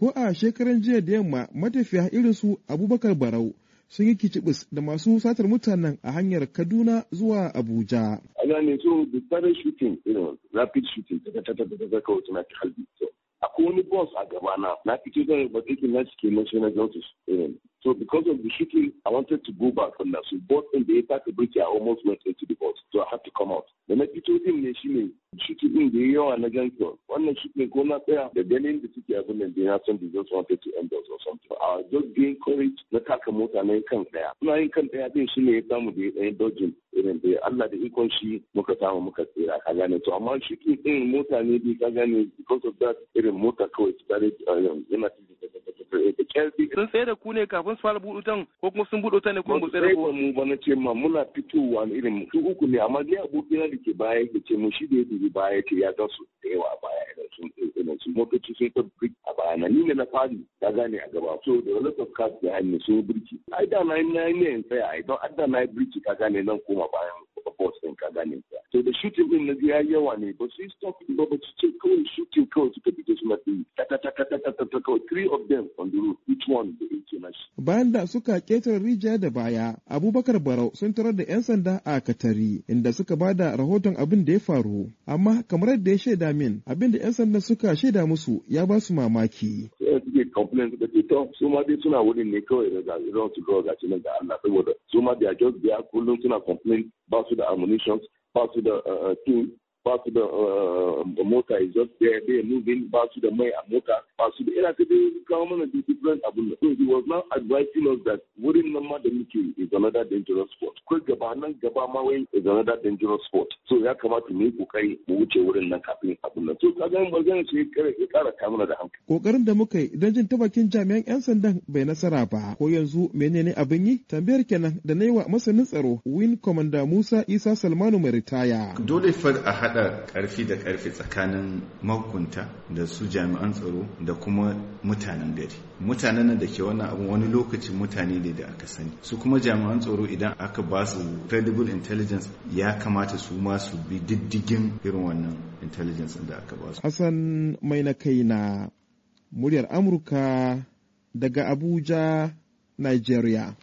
ko a shekaran jiya da yamma matafiya irin su abubakar barau sun yi kicibis da masu satar mutanen a hanyar kaduna zuwa abuja a gane so the sudden shooting you know rapid shooting ta ta ta ta ta kawai tana ta halbi ko boss a um, So because of the shooting, I wanted to go back from that. So both in the attack the bridge, I almost went into the box. So I had to come out. Da na fito din ne shooting ne the din da yawa na When Wannan shooting ko na tsaya da ganin da the abin nan da ya san they just wanted to end us or something. I just being courage na taka mota na yin kan daya. I yin kan daya din shi ne ya samu da ya Allah da ikon shi muka samu muka tsira ka gane. To amma shooting din mota ne bi ka gane because of that irin mota kawai su tare yana eh, da kyar sun tsaye da ku ne kafin su fara buɗutan ko kuma sun buɗutan ne ko mu tsaye da mu ba na ce ma muna fitowa na irin su uku ne amma ni abokina da ke baya ya ce mu shi da ya dubi baya ya ce ya ga su da yawa a baya irin sun irin su motoci sun ta birki a baya na ni ne na fari ta gane a gaba so da wani ka tafka da hannu sun birki ai da na yi na yi ne in tsaya ai don adda na yi birki ka gane nan koma bayan bus ɗin ka gane to da shooting din na ya yawa ne ba su yi stop ba ba su ce kawai three of them on the road, which one da yake Bayan da suka ketare rijiya da baya, Abubakar Barau sun tarar da 'yan sanda a Katari, inda suka ba da rahoton abin da ya faru. Amma kamar yadda ya shaida min, abin da 'yan sanda suka shaida musu ya ba su mamaki. suke complain suka ce to su ma dai suna wurin ne kawai da zan su ga gashi nan da Allah saboda su ma da just kullum suna complain ba su da ammunition ba su da tool ba su da eh, mota is just there they moving ba su da mai a mota ba su da ina ta kawo mana da different abun da so he was not advising us that wurin nan ma da muke is another dangerous sport ko gaba nan gaba ma wai is another dangerous sport so ya kamata mu yi kokari mu wuce wurin nan kafin abun nan so kaga mun bazan shi ya kara kawo da hankali kokarin da muka yi dan jin ta bakin jami'an yan sandan bai nasara ba ko yanzu menene abin yi tambayar kenan da na yi wa masanin tsaro win commander Musa Isa Salmanu mai ritaya dole fa a hada karfi da karfi tsakanin makunta da su jami'an tsaro da kuma mutanen gari mutanen da ke wannan abin wani lokacin mutane ne da aka sani su kuma jami'an tsaro idan aka ba su credible intelligence ya kamata su ma su bi diddigin irin wannan intelligence da aka ba su hassan mai na kai na muryar amurka daga abuja nigeria